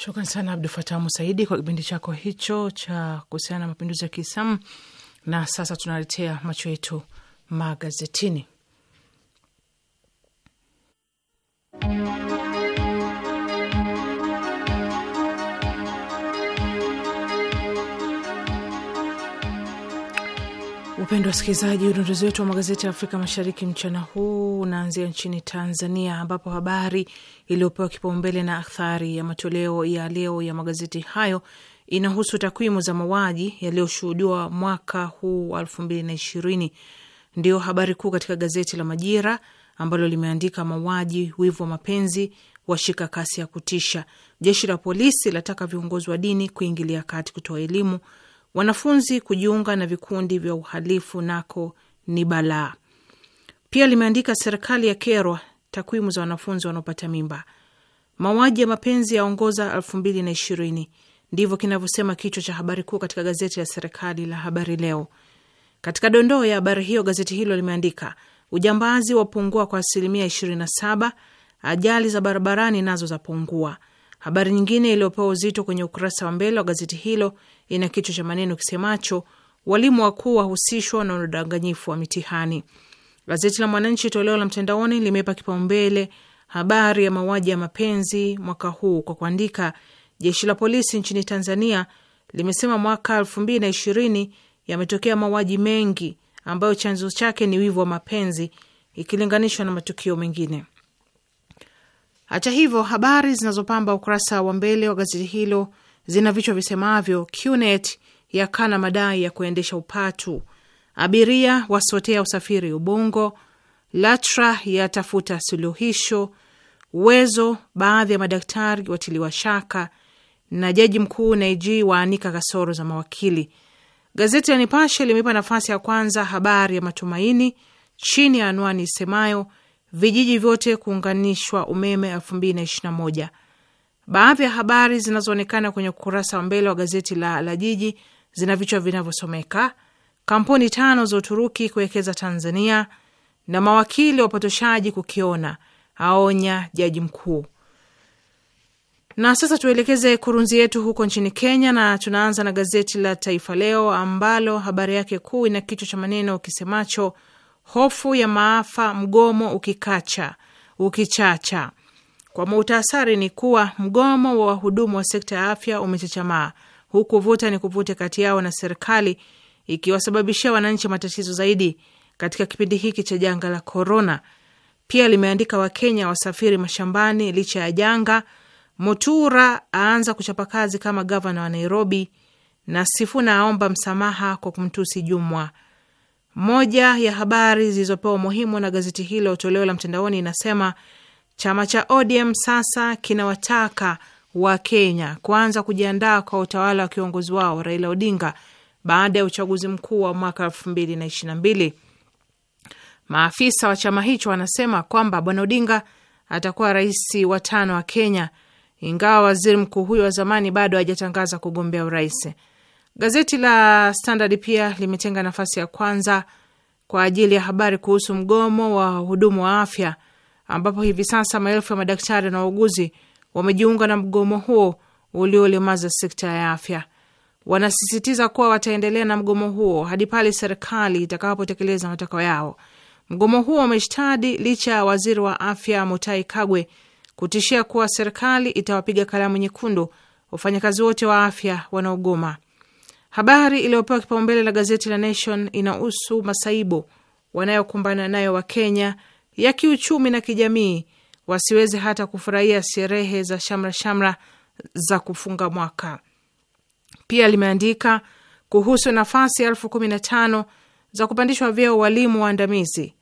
Shukran sana Abdu Fatamu Saidi kwa kipindi chako hicho cha kuhusiana na mapinduzi ya Kiislamu. Na sasa tunaletea macho yetu magazetini. Wapendwa wasikilizaji, udondozi wetu wa magazeti ya Afrika Mashariki mchana huu unaanzia nchini Tanzania, ambapo habari iliyopewa kipaumbele na athari ya matoleo ya leo ya magazeti hayo inahusu takwimu za mauaji yaliyoshuhudiwa mwaka huu wa elfu mbili na ishirini. ndio habari kuu katika gazeti la Majira ambalo limeandika mauaji, wivu wa mapenzi washika kasi ya kutisha. Jeshi la polisi lataka viongozi wa dini kuingilia kati kutoa elimu wanafunzi kujiunga na vikundi vya uhalifu nako ni balaa. Pia limeandika serikali ya kerwa takwimu za wanafunzi wanaopata mimba. Mauaji ya mapenzi yaongoza elfu mbili na ishirini, ndivyo kinavyosema kichwa cha habari kuu katika gazeti la serikali la Habari Leo. Katika dondoo ya habari hiyo, gazeti hilo limeandika ujambazi wapungua kwa asilimia 27, ajali za barabarani nazo zapungua. Habari nyingine iliyopewa uzito kwenye ukurasa wa mbele wa gazeti hilo ina kichwa cha maneno kisemacho walimu wakuu wahusishwa na udanganyifu wa mitihani. Gazeti la Mwananchi toleo la mtandaoni limepa kipaumbele habari ya mauaji ya mapenzi mwaka huu kwa kuandika, jeshi la polisi nchini Tanzania limesema mwaka elfu mbili na ishirini yametokea mauaji mengi ambayo chanzo chake ni wivu wa mapenzi ikilinganishwa na matukio mengine. Hata hivyo, habari zinazopamba ukurasa wa mbele wa gazeti hilo zina vichwa visemavyo: QNet yakana madai ya kuendesha upatu, abiria wasotea usafiri Ubongo, LATRA yatafuta suluhisho, Uwezo baadhi ya madaktari watiliwa shaka, na jaji mkuu Nig waanika kasoro za mawakili. Gazeti la Nipashe limeipa nafasi ya kwanza habari ya matumaini chini ya anwani isemayo vijiji vyote kuunganishwa umeme 2021. Baadhi ya habari zinazoonekana kwenye ukurasa wa mbele wa gazeti la la Jiji zina vichwa vinavyosomeka kampuni tano za Uturuki kuwekeza Tanzania na mawakili wa upotoshaji kukiona, aonya jaji mkuu. Na sasa tuelekeze kurunzi yetu huko nchini Kenya, na tunaanza na gazeti la Taifa Leo ambalo habari yake kuu ina kichwa cha maneno kisemacho hofu ya maafa, mgomo ukikacha ukichacha. Kwa muhtasari, ni kuwa mgomo wa wahudumu wa sekta ya afya umechachamaa, huku vuta ni kuvute kati yao na serikali ikiwasababishia wananchi matatizo zaidi katika kipindi hiki cha janga la korona. Pia limeandika Wakenya wasafiri mashambani licha ya janga, Mutura aanza kuchapa kazi kama gavana wa Nairobi, na Sifuna aomba msamaha kwa kumtusi Jumwa moja ya habari zilizopewa umuhimu na gazeti hilo toleo la mtandaoni inasema chama cha ODM sasa kinawataka kenya kuanza kujiandaa kwa utawala wa kiongozi wao Raila Odinga baada ya uchaguzi mkuu wa mwaka elfu mbili na ishirini na mbili. Maafisa wa chama hicho wanasema kwamba Bwana Odinga atakuwa rais wa tano wa Kenya, ingawa waziri mkuu huyo wa zamani bado hajatangaza kugombea urais. Gazeti la Standard pia limetenga nafasi ya kwanza kwa ajili ya habari kuhusu mgomo wa wahudumu wa afya, ambapo hivi sasa maelfu ya madaktari na wauguzi wamejiunga na mgomo huo uliolemaza sekta ya afya. Wanasisitiza kuwa wataendelea na mgomo huo hadi pale serikali itakapotekeleza matakwa yao. Mgomo huo umeshtadi licha ya waziri wa afya Mutai Kagwe kutishia kuwa serikali itawapiga kalamu nyekundu wafanyakazi wote wa afya wanaogoma. Habari iliyopewa kipaumbele na gazeti la Nation inahusu masaibu wanayokumbana nayo Wakenya ya kiuchumi na kijamii, wasiwezi hata kufurahia sherehe za shamra shamra za kufunga mwaka. Pia limeandika kuhusu nafasi elfu kumi na tano za kupandishwa vyeo walimu waandamizi,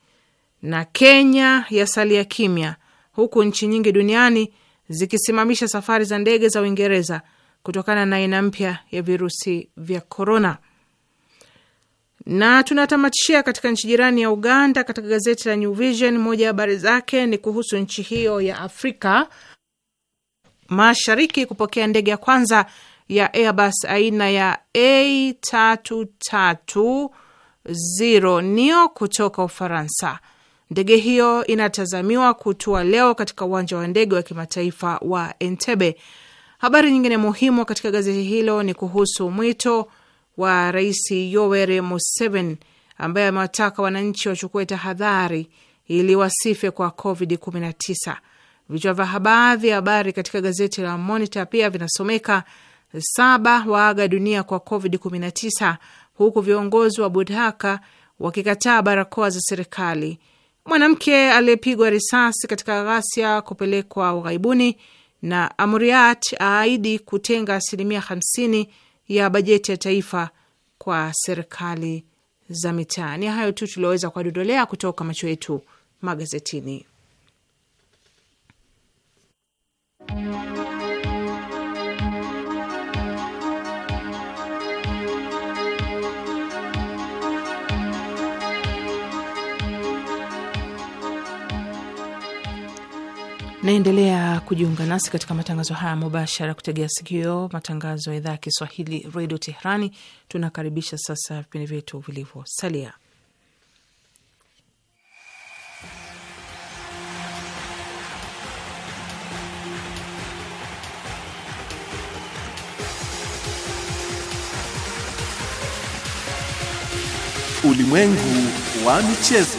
na Kenya yasalia kimya, huku nchi nyingi duniani zikisimamisha safari za ndege za Uingereza kutokana na aina mpya ya virusi vya korona. Na tunatamatishia katika nchi jirani ya Uganda. Katika gazeti la New Vision, moja ya habari zake ni kuhusu nchi hiyo ya Afrika Mashariki kupokea ndege ya kwanza ya Airbus aina ya A330 neo kutoka Ufaransa. Ndege hiyo inatazamiwa kutua leo katika uwanja wa ndege wa kimataifa wa Entebbe. Habari nyingine muhimu katika gazeti hilo ni kuhusu mwito wa Rais Yoweri Museveni ambaye amewataka wananchi wachukue tahadhari ili wasife kwa COVID-19. Vichwa vya baadhi ya habari katika gazeti la Monitor pia vinasomeka: saba waaga dunia kwa COVID-19 huku viongozi wa Budhaka wakikataa barakoa za serikali, mwanamke aliyepigwa risasi katika ghasia kupelekwa ughaibuni na Amriat aahidi kutenga asilimia 50 ya bajeti ya taifa kwa serikali za mitaa. Ni hayo tu tulioweza kuwadodolea kutoka macho yetu magazetini. Naendelea kujiunga nasi katika matangazo haya mubashara, kutegea sikio matangazo ya idhaa ya Kiswahili redio Teherani. Tunakaribisha sasa vipindi vyetu vilivyosalia.
Ulimwengu wa michezo.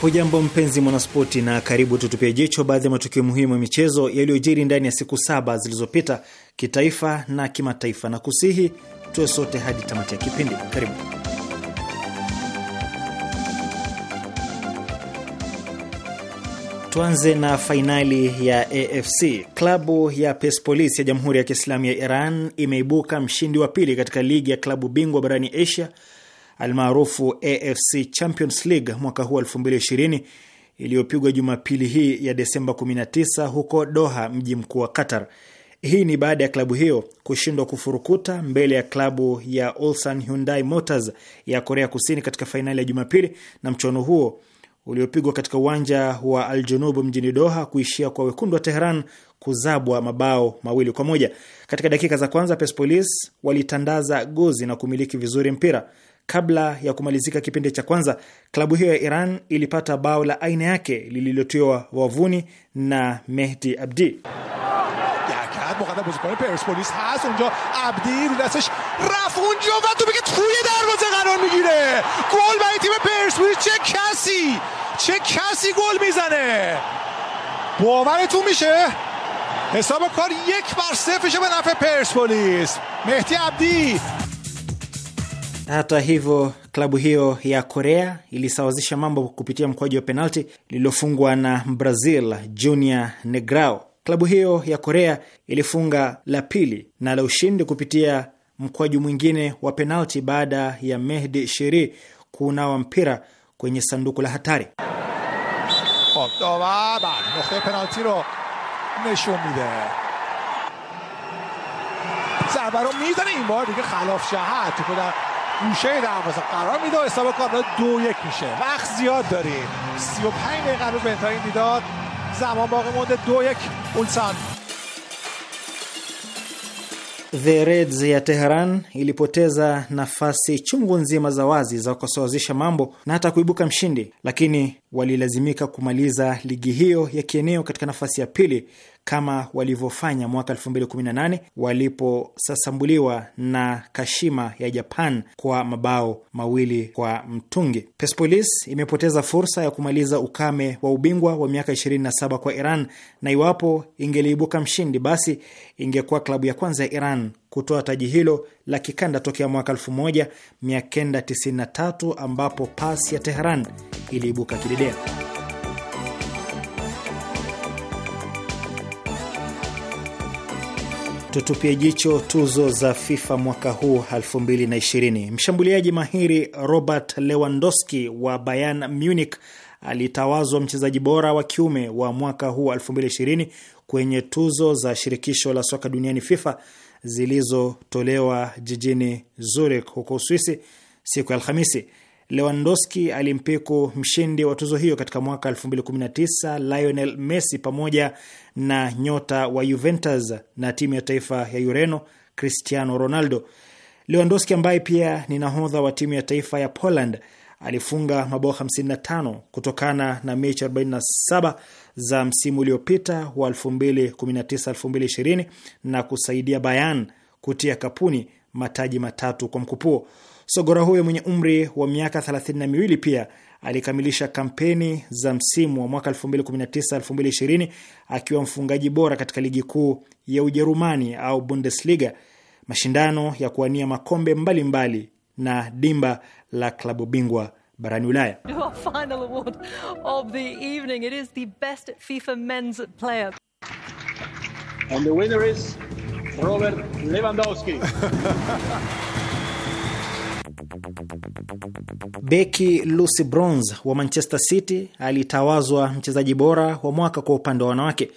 Hujambo mpenzi mwanaspoti, na karibu tutupia jicho baadhi ya matukio muhimu ya michezo yaliyojiri ndani ya siku saba zilizopita kitaifa na kimataifa, na kusihi tuwe sote hadi tamati ya kipindi. Karibu. Tuanze na fainali ya AFC. Klabu ya Persepolis ya Jamhuri ya Kiislamu ya Iran imeibuka mshindi wa pili katika ligi ya klabu bingwa barani Asia almaarufu AFC Champions League mwaka huu 2020 iliyopigwa Jumapili hii ya Desemba 19 huko Doha, mji mkuu wa Qatar. Hii ni baada ya klabu hiyo kushindwa kufurukuta mbele ya klabu ya Ulsan Hyundai Motors ya Korea Kusini katika fainali ya Jumapili, na mchuano huo uliopigwa katika uwanja wa Al Junub mjini Doha kuishia kwa wekundu wa Teheran kuzabwa mabao mawili kwa moja. Katika dakika za kwanza, Persepolis walitandaza gozi na kumiliki vizuri mpira. Kabla ya kumalizika kipindi cha kwanza, klabu hiyo ya Iran ilipata bao la aina yake lililotiwa wavuni na Mehdi Abdi.
باورتون
میشه حساب کار یک بر صفرشه به نفع پرسپولیس مهدی
عبدی
Hata hivyo, klabu hiyo ya Korea ilisawazisha mambo kupitia mkoaji wa penalti lililofungwa na Brazil Junior Negrao. Klabu hiyo ya Korea ilifunga la pili na la ushindi kupitia mkwaju mwingine wa penalti baada ya Mehdi Shiri kuunawa mpira kwenye sanduku la hatari.
گوشه دروازه قرار میده و حساب کار دو یک
میشه وقت زیاد داریم
35 دقیقه رو
به بهترین دیداد زمان باقی مونده
دو یک اولسان
The Reds ya Teheran ilipoteza nafasi chungu nzima za wazi za kusawazisha mambo na hata kuibuka mshindi, lakini walilazimika kumaliza ligi hiyo ya kieneo katika nafasi ya pili kama walivyofanya mwaka 2018 waliposasambuliwa na Kashima ya Japan kwa mabao mawili kwa mtungi. Persepolis imepoteza fursa ya kumaliza ukame wa ubingwa wa miaka 27 kwa Iran, na iwapo ingeliibuka mshindi, basi ingekuwa klabu ya kwanza ya Iran kutoa taji hilo la kikanda tokea mwaka 1993 ambapo Pasi ya Teheran iliibuka kidedea. tutupie jicho tuzo za FIFA mwaka huu 2020. Mshambuliaji mahiri Robert Lewandowski wa Bayern Munich alitawazwa mchezaji bora wa kiume wa mwaka huu 2020 kwenye tuzo za shirikisho la soka duniani FIFA zilizotolewa jijini Zurich huko Uswisi siku ya Alhamisi. Lewandowski alimpiku mshindi wa tuzo hiyo katika mwaka 2019 Lionel Messi pamoja na nyota wa Juventus na timu ya taifa ya Ureno Cristiano Ronaldo. Lewandowski ambaye pia ni nahodha wa timu ya taifa ya Poland alifunga mabao 55 kutokana na mechi 47 za msimu uliopita wa 2019-2020 na kusaidia Bayern kutia kapuni mataji matatu kwa mkupuo. Sogora huyo mwenye umri wa miaka thelathini na miwili pia alikamilisha kampeni za msimu wa mwaka 2019-2020 akiwa mfungaji bora katika ligi kuu ya Ujerumani au Bundesliga, mashindano ya kuwania makombe mbalimbali mbali na dimba la klabu bingwa barani Ulaya. [laughs] Beki Lucy Bronze wa Manchester City alitawazwa mchezaji bora wa mwaka kwa upande wa wanawake.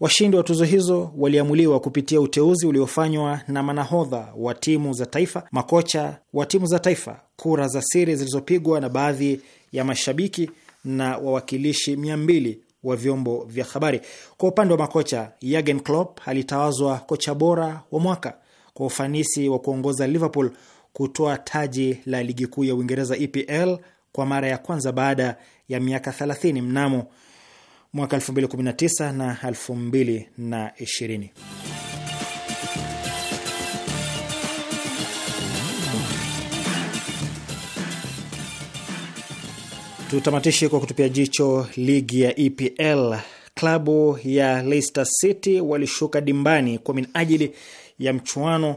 Washindi wa tuzo hizo waliamuliwa kupitia uteuzi uliofanywa na manahodha wa timu za taifa, makocha wa timu za taifa, kura za siri zilizopigwa na baadhi ya mashabiki na wawakilishi mia mbili wa vyombo vya habari. Kwa upande wa makocha, Jurgen Klopp alitawazwa kocha bora wa mwaka kwa ufanisi wa kuongoza Liverpool kutoa taji la ligi kuu ya Uingereza EPL kwa mara ya kwanza baada ya miaka 30 mnamo mwaka 2019 na 2020. Tutamatishi kwa kutupia jicho ligi ya EPL. Klabu ya Leicester City walishuka dimbani kwa minajili ya mchuano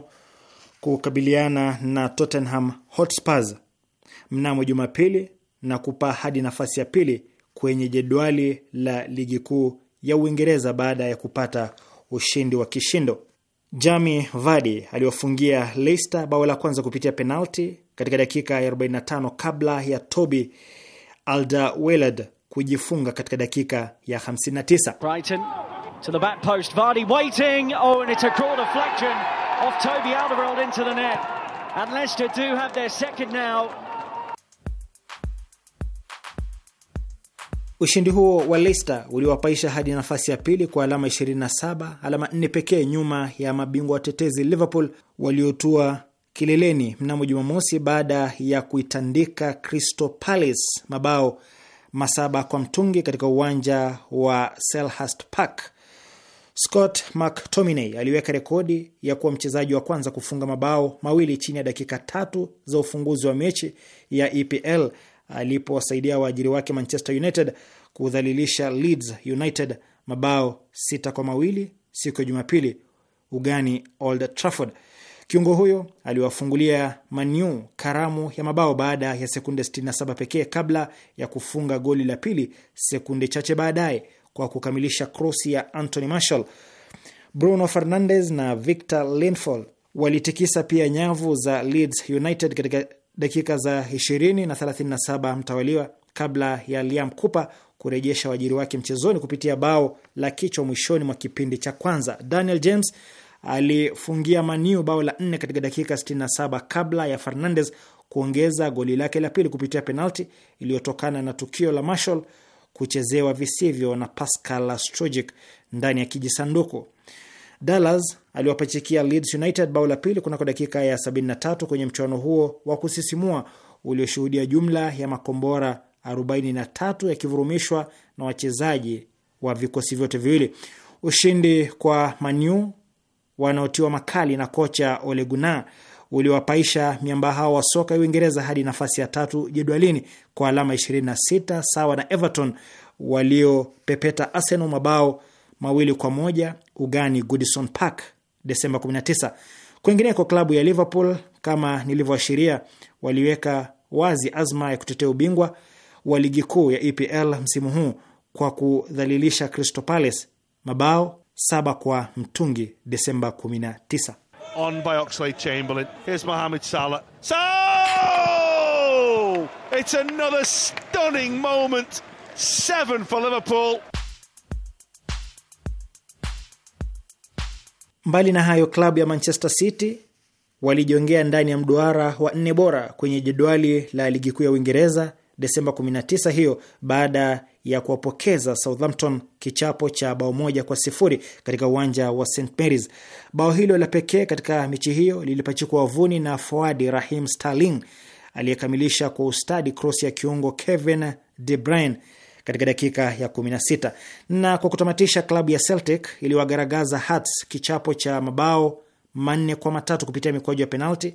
kukabiliana na Tottenham Hotspurs mnamo Jumapili na kupaa hadi nafasi ya pili kwenye jedwali la ligi kuu ya Uingereza baada ya kupata ushindi wa kishindo. Jamie Vardy aliwafungia Leicester bao la kwanza kupitia penalti katika dakika ya 45 kabla ya Toby Alderweireld kujifunga katika dakika ya 59. Brighton to the back post, Vardy waiting. Oh, and it's a Off Toby Alderweireld into
the net. And Leicester do have their second now.
Ushindi huo wa Leicester uliwapaisha hadi nafasi ya pili kwa alama 27, alama nne pekee nyuma ya mabingwa watetezi Liverpool waliotua kileleni mnamo Jumamosi baada ya kuitandika Crystal Palace mabao masaba kwa mtungi katika uwanja wa Selhurst Park. Scott McTominay aliweka rekodi ya kuwa mchezaji wa kwanza kufunga mabao mawili chini ya dakika tatu za ufunguzi wa mechi ya EPL alipowasaidia waajiri wake Manchester United kudhalilisha Leeds United mabao sita kwa mawili siku ya Jumapili ugani Old Trafford. Kiungo huyo aliwafungulia Manu karamu ya mabao baada ya sekunde 67 pekee kabla ya kufunga goli la pili sekunde chache baadaye kwa kukamilisha krosi ya Anthony Martial. Bruno Fernandes na Victor Linfol walitikisa pia nyavu za Leeds United katika dakika za 20 na 37 mtawaliwa kabla ya Liam Cooper kurejesha wajiri wake mchezoni kupitia bao la kichwa mwishoni mwa kipindi cha kwanza. Daniel James alifungia Maniu bao la nne katika dakika 67 kabla ya Fernandes kuongeza goli lake la pili kupitia penalti iliyotokana na tukio la Marshall kuchezewa visivyo na Pascal Strojic ndani ya kijisanduku. Dallas aliwapachikia Leeds United bao la pili kunako dakika ya 73 kwenye mchuano huo wa kusisimua ulioshuhudia jumla ya makombora 43 yakivurumishwa na wachezaji wa vikosi vyote viwili. Ushindi kwa Manu wanaotiwa makali na kocha Ole Gunnar uliwapaisha miamba hao wa soka ya Uingereza hadi nafasi ya tatu jedwalini kwa alama 26 sawa na Everton waliopepeta Arsenal mabao mawili kwa moja ugani Goodison Park Desemba 19. Kwingineko, klabu ya Liverpool kama nilivyoashiria, waliweka wazi azma ya kutetea ubingwa wa ligi kuu ya EPL msimu huu kwa kudhalilisha Crystal Palace mabao saba kwa mtungi Desemba 19
on by Oxley Chamberlain. Here's Mohamed Salah. So it's another stunning moment. Seven for Liverpool.
Mbali na hayo, klabu ya Manchester City walijongea ndani ya mduara wa nne bora kwenye jedwali la ligi kuu ya Uingereza Desemba 19 hiyo baada ya kuwapokeza Southampton kichapo cha bao moja kwa sifuri katika uwanja wa St Marys. Bao hilo la pekee katika mechi hiyo lilipachikwa wavuni na foadi Rahim Sterling aliyekamilisha kwa ustadi krosi ya kiungo Kevin De Bruyne katika dakika ya 16. Na kwa kutamatisha, klabu ya Celtic iliwagaragaza Hearts kichapo cha mabao manne kwa matatu kupitia mikwaju ya penalti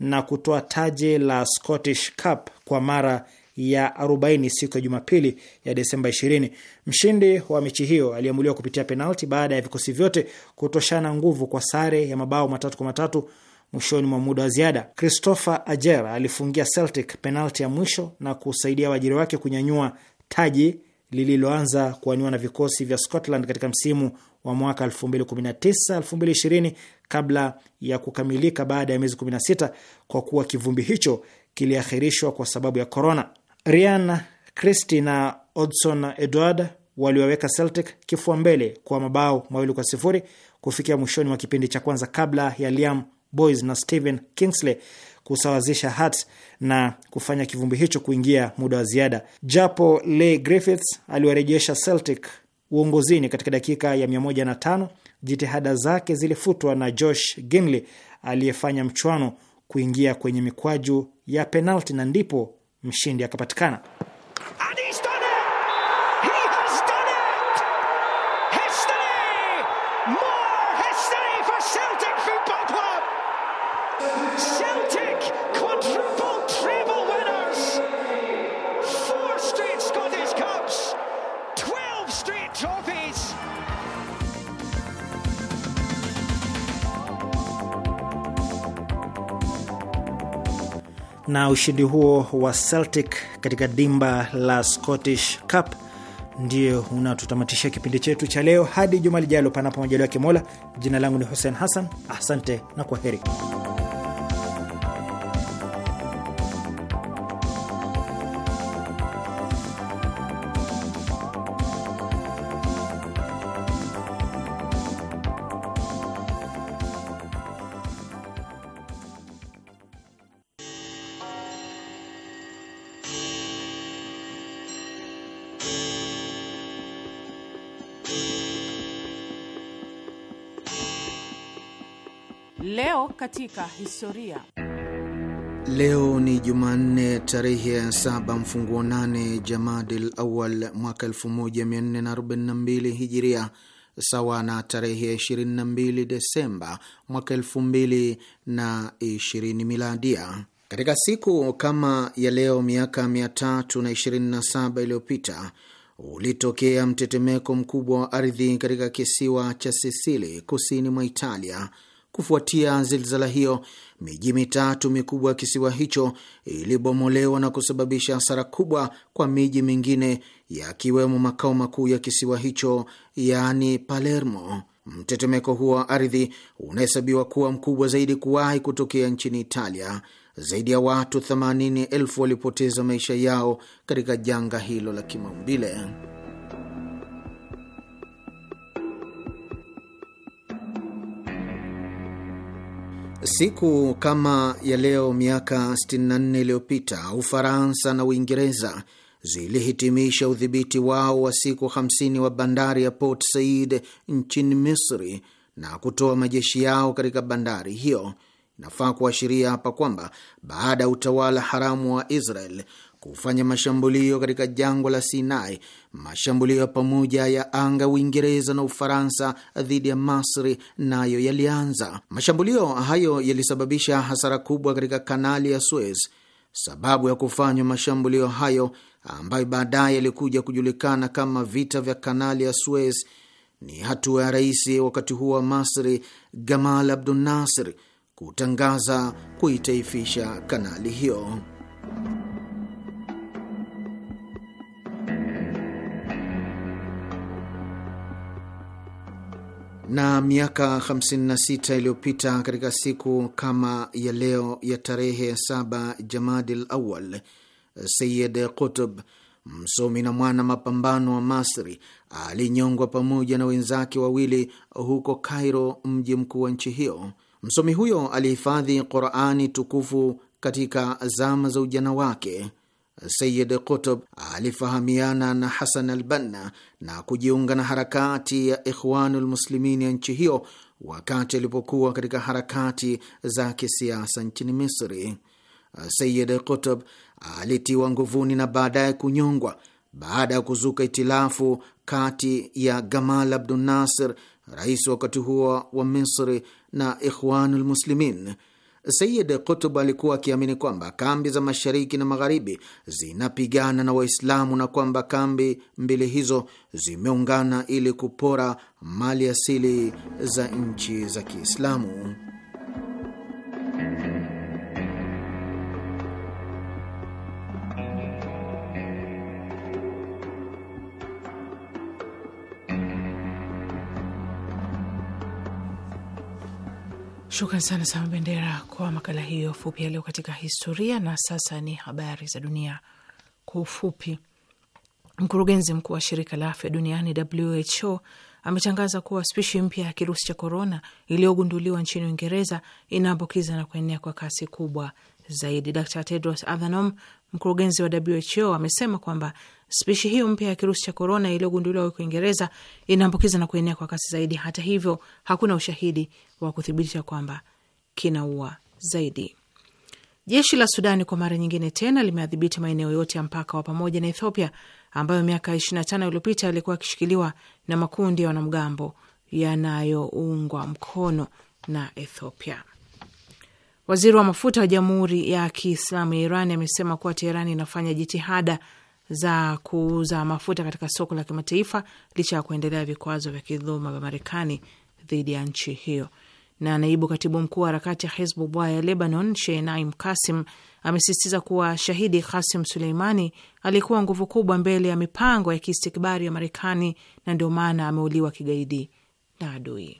na kutoa taji la Scottish Cup kwa mara ya 40 siku ya Jumapili ya Desemba 20. Mshindi wa mechi hiyo aliamuliwa kupitia penalti baada ya vikosi vyote kutoshana nguvu kwa sare ya mabao matatu kwa matatu mwishoni mwa muda wa ziada. Christopher Ajer alifungia Celtic penalti ya mwisho na kusaidia waajiri wake kunyanyua taji lililoanza kuaniwa na vikosi vya Scotland katika msimu wa mwaka 2019-2020 kabla ya kukamilika baada ya miezi 16 kwa kuwa kivumbi hicho kiliahirishwa kwa sababu ya korona. Ryan Christie na Odson Edward waliwaweka Celtic kifua mbele kwa mabao mawili kwa sifuri kufikia mwishoni mwa kipindi cha kwanza kabla ya Liam boys na Stephen Kingsley kusawazisha hat na kufanya kivumbi hicho kuingia muda wa ziada. Japo Leigh Griffiths aliwarejesha Celtic uongozini katika dakika ya 105, jitihada zake zilifutwa na Josh Ginley aliyefanya mchwano kuingia kwenye mikwaju ya penalti na ndipo mshindi akapatikana. na ushindi huo wa Celtic katika dimba la Scottish Cup ndio unatutamatishia kipindi chetu cha leo. Hadi juma lijalo, panapo majaliwa ya kimola Jina langu ni Hussein Hassan, asante na kwa heri.
katika historia.
Leo ni Jumanne tarehe ya saba mfunguo nane Jamadil Awal mwaka 1442 Hijiria, sawa na tarehe ya 22 Desemba mwaka 2020 Miladia. Katika siku kama ya leo miaka 327 iliyopita ulitokea mtetemeko mkubwa wa ardhi katika kisiwa cha Sisili kusini mwa Italia Kufuatia zilzala hiyo, miji mitatu mikubwa ya kisiwa hicho ilibomolewa na kusababisha hasara kubwa kwa miji mingine, yakiwemo makao makuu ya kisiwa hicho, yaani Palermo. Mtetemeko huo wa ardhi unahesabiwa kuwa mkubwa zaidi kuwahi kutokea nchini Italia. Zaidi ya watu elfu walipoteza maisha yao katika janga hilo la kimaumbile. Siku kama ya leo miaka 64 iliyopita Ufaransa na Uingereza zilihitimisha udhibiti wao wa siku 50 wa bandari ya Port Said nchini Misri na kutoa majeshi yao katika bandari hiyo. Inafaa kuashiria hapa kwamba baada ya utawala haramu wa Israel kufanya mashambulio katika jangwa la Sinai, mashambulio ya pamoja ya anga Uingereza na Ufaransa dhidi ya Masri nayo yalianza. Mashambulio hayo yalisababisha hasara kubwa katika kanali ya Suez. Sababu ya kufanywa mashambulio hayo ambayo baadaye yalikuja kujulikana kama vita vya kanali ya Suez ni hatua ya rais wakati huo wa Masri Gamal Abdul Nasir kutangaza kuitaifisha kanali hiyo. na miaka 56 iliyopita katika siku kama ya leo ya tarehe 7 Jamadil Awal, Sayid Qutb, msomi na mwana mapambano wa Masri, alinyongwa pamoja na wenzake wawili huko cairo mji mkuu wa nchi hiyo. Msomi huyo alihifadhi Qurani tukufu katika zama za ujana wake. Sayid Kutub alifahamiana na Hasan Albanna na kujiunga na harakati ya Ikhwanul Muslimin ya nchi hiyo wakati alipokuwa katika harakati za kisiasa nchini Misri. Sayid Kutub alitiwa nguvuni na baadaye kunyongwa baada ya kuzuka itilafu kati ya Gamal Abdunasir, rais wakati huo wa Misri, na Ikhwanul Muslimin. Sayid Kutub alikuwa akiamini kwamba kambi za mashariki na magharibi zinapigana na Waislamu na kwamba kambi mbili hizo zimeungana ili kupora mali asili za nchi za Kiislamu.
Shukran sana Sama Bendera kwa makala hiyo fupi ya leo katika historia. Na sasa ni habari za dunia kwa ufupi. Mkurugenzi mkuu wa shirika la afya duniani WHO ametangaza kuwa spishi mpya ya kirusi cha korona iliyogunduliwa nchini Uingereza inaambukiza na kuenea kwa kasi kubwa zaidi. Dr Tedros Adhanom Mkurugenzi wa WHO amesema kwamba spishi hiyo mpya ya kirusi cha korona iliyogunduliwa huko Uingereza inaambukiza na kuenea kwa kasi zaidi. Hata hivyo, hakuna ushahidi wa kuthibitisha kwamba kinaua zaidi. Jeshi la Sudani kwa mara nyingine tena limeadhibiti maeneo yote ya mpaka wa pamoja na Ethiopia ambayo miaka 25 iliyopita yalikuwa yakishikiliwa na makundi ya wanamgambo yanayoungwa mkono na Ethiopia. Waziri wa mafuta wa Jamhuri ya Kiislamu ya Iran amesema kuwa Teheran inafanya jitihada za kuuza mafuta katika soko la kimataifa licha ya kuendelea vikwazo vya kidhuma vya Marekani dhidi ya nchi hiyo. Na naibu katibu mkuu wa harakati ya Hizbullah ya Lebanon, Shenaim Kasim, amesisitiza kuwa shahidi Kasim Suleimani alikuwa nguvu kubwa mbele ya mipango ya kiistikbari ya Marekani na ndio maana ameuliwa kigaidi na adui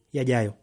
yajayo.